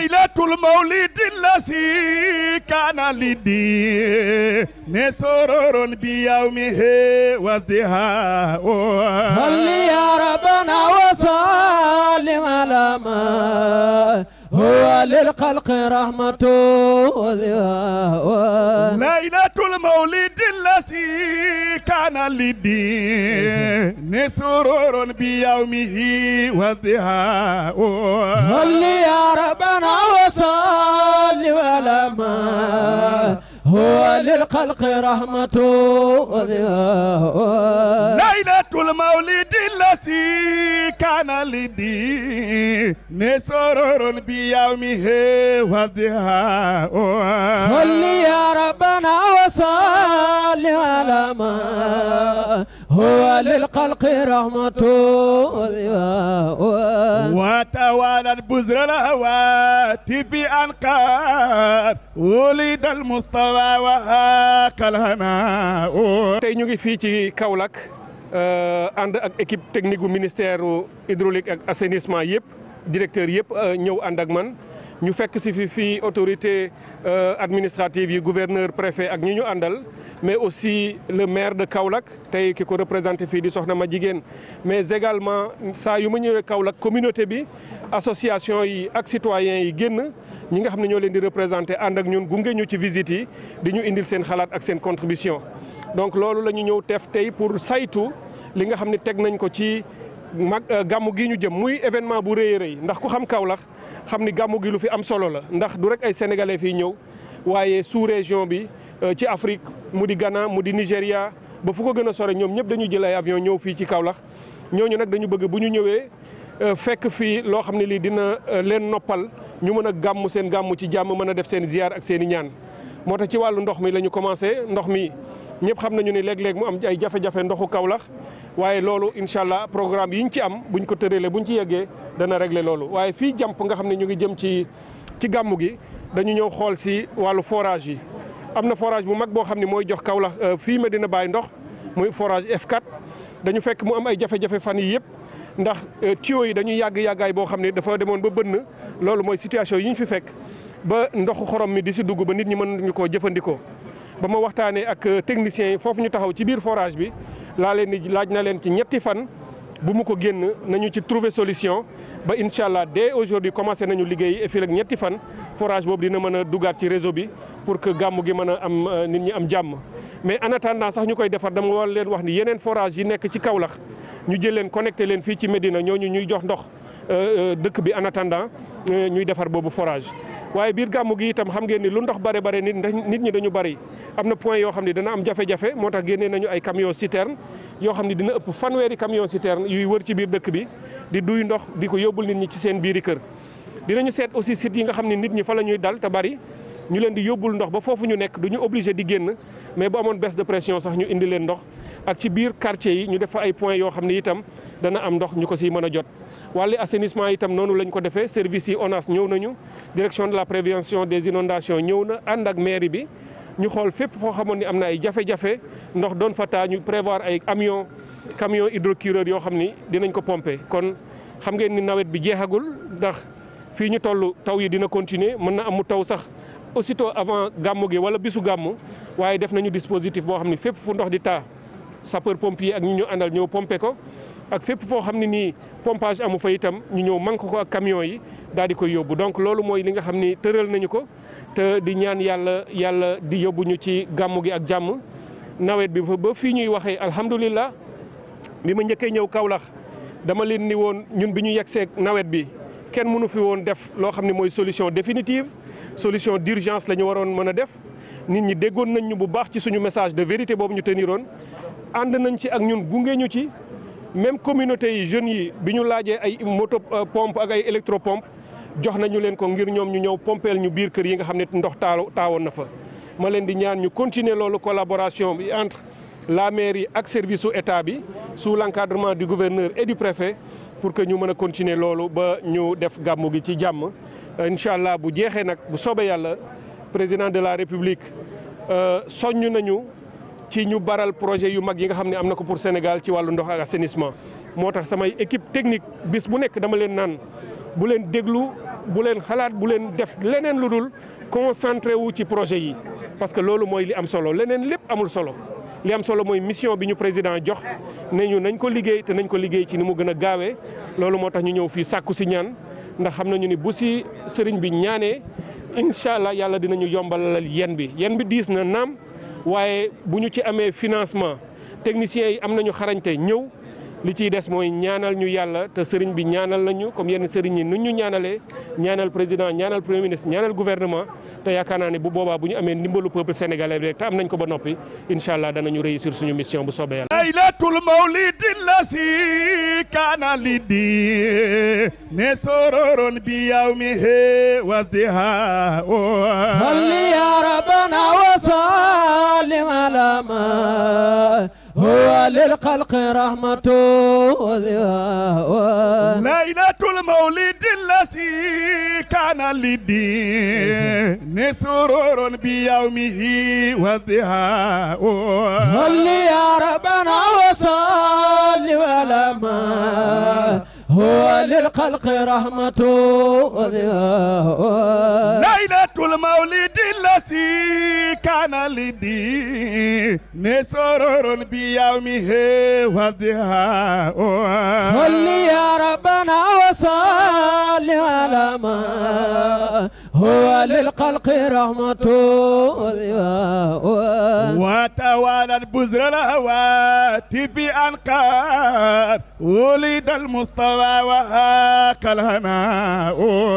laylatul mawlidi lasi kana lidi ne sororon bi yawmihi wazdiha salli ya rabbana wa sallim ala ma للخلق رحمة ليلة المولد الذي كان للدين سرور بيومه وضحاه صل يا ربنا وصل ولما هو للخلق رحمة وضحاه laylatul mawlidi lasi kaana lidi ne sororun bi yawmi he wadiha o salli ya rabbana wa salli ala ma huwa lil khalqi rahmatu wa tawalat buzral hawati bi anqar wulid al mustafa wa hakal hana tey ñu ngi fii ci Kaolack Euh, ànd ak équipe technique bu ministère hydraulique ak assainissement yëpp directeur yëpp euh, ñëw ànd ak man ñu fekk si fi fii autorité euh, administrative yi gouverneur préfet ak ñi ñu àndal mais aussi le maire de Kaolack tey ki ko représenté fii di soxna ma jigéen mais également saa yu ma ñëwee Kaolack communauté bi association yi ak citoyens yi génn ñi nga xam ne ñoo leen di représenté ànd ñun gunge ñu ci visite yi di ñu indil seen xalaat ak seen contribution donc loolu la ñu ñëw teef tey pour saytu li nga xam ne teg nañ ko ci mag euh, gàmmu gii ñu jëm muy événement bu rëyee a rëy ndax ku xam Kaolack xam ni gàmmu gi lu fi am solo la ndax du rek ay sénégalais fii ñëw waaye sous région bi euh, ci Afrique mu di Ghana mu di Nigéria ba fu ko gën a sore ñoom ñëpp dañu jël ay avion ñëw fii ci Kaolack ñooñu nag dañu bëgg bu ñu ñëwee euh, fekk fii loo xam ne lii dina leen noppal ñu mën a gàmm seen gàmmu ci jàmm mën a def seen ziar ak seen i ñaan moo tax ci wàllu ndox mi la ñu commencé ndox mi ñëpp xam nañu ni léeg-léeg mu am ay jafe-jafe ndoxu Kaolack waaye loolu incha allah programme yi ñu ci am buñ ko tëralee buñ ci yeggee dana régler loolu waaye fii jàmp nga xam ne ñu ngi jëm ci ci gàmmu gi dañu ñëw xool si wàllu forage yi am na forage mu mag boo xam ne mooy jox Kaolack euh, fii dina Baye ndox muy forage F4 dañu fekk mu am ay jafe-jafe fan yi yëpp ndax euh, tuyaux yi dañuy yàgg yàggaay boo xam ne dafa demoon ba bënn loolu mooy situation yi ñu fi fekk ba ndoxu xorom mi di si dugg ba nit ñi mën ñu koo jëfandikoo ba ma waxtaanee ak euh, techniciens yi foofu ñu taxaw ci biir forage bi laa leen di laaj na leen ci ñetti fan bu mu ko génn nañu ci trouver solution ba incha allah dès aujourd'hui commencé nañu liggéey et fii rek ñetti fan forage boobu dina mën a dugaat ci réseau bi pour que gàmmu gi mën a am euh, nit ñi am jàmm. mais en attendant sax ñu koy defar dama war leen wax ni yeneen forage yi nekk ci Kaolack ñu jël leen connecté leen fii ci Medina ñooñu ñuy jox ndox euh, dëkk bi en ñuy defar boobu forage. waaye biir gàmmu gi itam xam ngeen ni lu ndox bare bare nit nit ñi dañu bari am na point yoo xam ne dana am jafe-jafe moo tax génnee nañu ay camion citerne yoo xam ne dina ëpp fanweeri camion citerne yuy wër ci biir dëkk bi di duy ndox di ko yóbbul nit ñi ci seen biiri kër dinañu seet aussi sites yi nga xam ne nit ñi fa la ñuy dal te bari ñu leen di yóbbul ndox ba foofu ñu nekk duñu ñu di génn mais bu amoon baisse de pression sax ñu indi leen ndox ak ci biir quartier yi ñu def ay points yoo xam ne itam dana am ndox ñu ko siy mën a jot wàllu assainissement itam noonu lañ ko defee service yi ONAS ñëw nañu direction de la prévention des inondations ñëw na ànd ak mairie bi ñu xool fépp foo xamoon ni am na ay jafe-jafe ndox doon fa taa ñu prévoir ay amion camion hydrocureur yoo xam ni dinañ ko pomper kon xam ngeen ni nawet bi jeexagul ndax fii ñu toll taw yi dina continuer mën na am mu taw sax aussitôt avant gàmmu gi wala bisu gàmmu waaye def nañu dispositif boo xam ni fépp fu ndox di taa sapeur pompier ak ñu ñu ñëw pomper ko ak fépp foo xam ne nii pompage amu fa itam ñu ñëw man ko ko ak camion yi daal di koy yóbbu donc loolu mooy li nga xam ni tëral nañu ko te di ñaan yàlla yàlla di yóbbu ñu ci gàmmu gi ak jàmm nawet bi ba fii ñuy waxee alhamdulilah bi ma njëkkee ñëw Kaolack dama leen ni woon ñun bi ñu yegsee nawet bi kenn mënu fi woon def loo xam ne mooy solution définitive solution d'urgence la ñu waroon mën a def nit ñi déggoon nañ ñu bu baax ci suñu message de vérité boobu ñu teniroon ànd nañ ci ak ñun gunge ñu ci même communauté yi jeunes yi bi ñu laajee ay moto euh, pompe ak ay électropompe jox nañu leen ko ngir ñoom ñu ñëw pompeel ñu biir kër yi nga xam ne ndox taaw taawoon nafa ma leen di ñaan ñu continuer loolu collaboration bi entre la mairie ak service su état bi sous l' encadrement du gouverneur et du préfet pour que ñu mën a continuer loolu ba ñu def gàmmu gi ci jàmm. incha allah bu jeexee nag bu soobee yàlla président de la république euh, soññ nañu. ci ñu baral projet yu mag yi nga xam ne am na ko pour Sénégal ci wàllu ndox ak assainissement moo tax samay équipe technique bis bu nekk dama leen naan bu leen déglu bu leen xalaat bu leen def leneen lu dul concentré wu ci projet yi parce que loolu mooy li am solo leneen lépp amul solo li am solo mooy mission bi ñu président jox ne ñu nañ ko liggéey te nañ ko liggéey ci ni mu gën a gaawee loolu moo tax ñu ñëw fii sàkku si ñaan ndax xam nañu ni bu si sëriñ bi ñaanee incha allah yàlla dinañu yombalal yen bi bi diis waaye bu ñu ci amee financement techniciens yi am nañu xarañte ñëw. li ciy des mooy ñaanal ñu yàlla te sëriñ bi ñaanal nañu comme yenn sëriñ yi nu ñu ñaanalee ñaanal président ñaanal premier ministre ñaanal gouvernement te yaakaar naa ne bu boobaa bu ñu amee ndimbalu peuple sénégalais bi rek te am nañ ko ba noppi incha allah danañu réussir suñu mission bu soobee yàlla laylatul mawlidi la si kaana li di ne sororoon bi yaw mi he wasdiha salli ya rabbana wa sallim ala ma هو للخلق رحمة ليلة المولد الذي كان للدين سرور بيومه وضحاه صل يا ربنا وصل ولما هو للخلق رحمة ليلة كل مولد الذي كان لدي نسرور بيومه وضحاه صل يا ربنا وصل على ما هو للخلق رحمة وضحاه وتوالى البزر الهواتف أنقاد ولد المصطفى وهاك الهناء